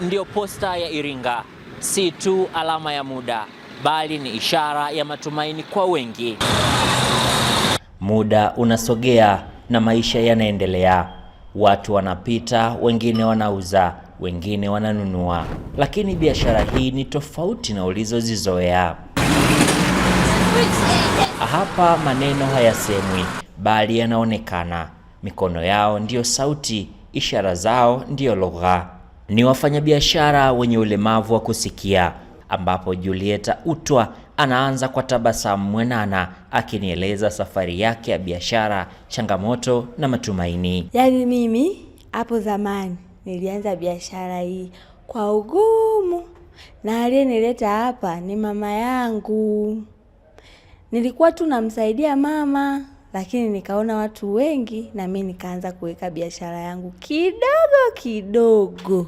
ndiyo posta ya Iringa, si tu alama ya muda, bali ni ishara ya matumaini kwa wengi. Muda unasogea na maisha yanaendelea. Watu wanapita, wengine wanauza, wengine wananunua, lakini biashara hii ni tofauti na ulizozizoea. Hapa maneno hayasemwi, bali yanaonekana. Mikono yao ndiyo sauti, ishara zao ndiyo lugha ni wafanyabiashara wenye ulemavu wa kusikia, ambapo Julieta Utwa anaanza kwa tabasamu mwenana akinieleza safari yake ya biashara, changamoto na matumaini. Yaani mimi hapo zamani nilianza biashara hii kwa ugumu, na aliyenileta hapa ni mama yangu. Nilikuwa tu namsaidia mama, lakini nikaona watu wengi, na mimi nikaanza kuweka biashara yangu kidogo kidogo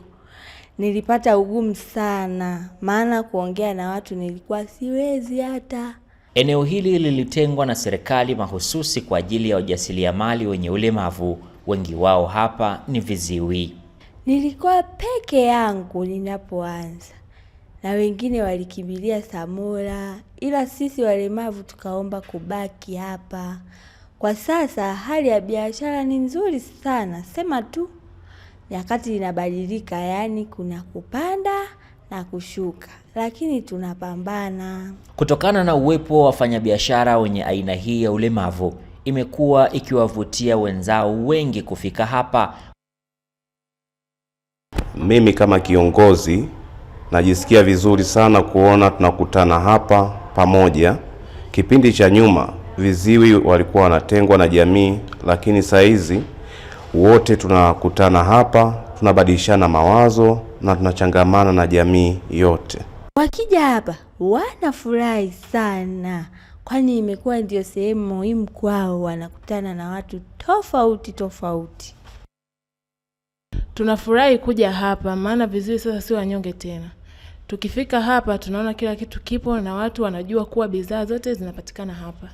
nilipata ugumu sana, maana kuongea na watu nilikuwa siwezi hata. Eneo hili lilitengwa na serikali mahususi kwa ajili ya wajasiriamali wenye ulemavu. Wengi wao hapa ni viziwi. Nilikuwa peke yangu ninapoanza, na wengine walikimbilia Samora, ila sisi walemavu tukaomba kubaki hapa. Kwa sasa hali ya biashara ni nzuri sana, sema tu Nyakati inabadilika, yaani kuna kupanda na kushuka, lakini tunapambana. Kutokana na uwepo wa wafanyabiashara wenye aina hii ya ulemavu, imekuwa ikiwavutia wenzao wengi kufika hapa. Mimi kama kiongozi najisikia vizuri sana kuona tunakutana hapa pamoja. Kipindi cha nyuma viziwi walikuwa wanatengwa na jamii, lakini saa hizi wote tunakutana hapa, tunabadilishana mawazo na tunachangamana na jamii yote. Wakija hapa wanafurahi sana, kwani imekuwa ndio sehemu muhimu kwao, wanakutana na watu tofauti tofauti. Tunafurahi kuja hapa, maana vizuri sasa si wanyonge tena. Tukifika hapa tunaona kila kitu kipo na watu wanajua kuwa bidhaa zote zinapatikana hapa.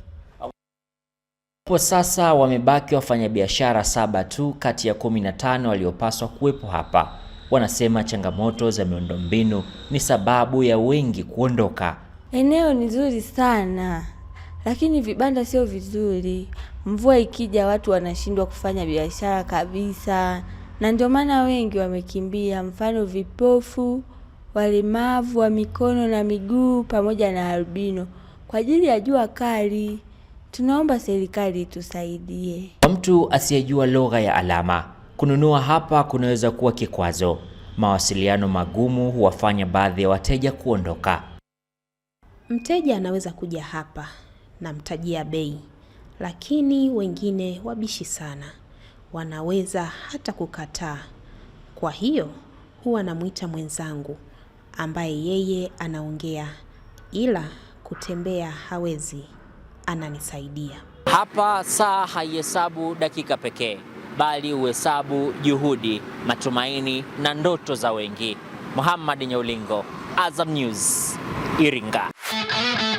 Kwa sasa wamebaki wafanyabiashara saba tu kati ya kumi na tano waliopaswa kuwepo hapa. Wanasema changamoto za miundombinu ni sababu ya wengi kuondoka. Eneo ni zuri sana, lakini vibanda sio vizuri. Mvua ikija, watu wanashindwa kufanya biashara kabisa, na ndio maana wengi wamekimbia, mfano vipofu, walemavu wa mikono na miguu, pamoja na albino kwa ajili ya jua kali. Tunaomba serikali tusaidie. Kwa mtu asiyejua lugha ya alama, kununua hapa kunaweza kuwa kikwazo. Mawasiliano magumu huwafanya baadhi ya wateja kuondoka. Mteja anaweza kuja hapa na mtajia bei, lakini wengine wabishi sana, wanaweza hata kukataa. Kwa hiyo huwa namwita mwenzangu ambaye yeye anaongea, ila kutembea hawezi ananisaidia hapa. Saa haihesabu dakika pekee, bali uhesabu juhudi, matumaini na ndoto za wengi. Muhammad Nyaulingo, Azam News, Iringa.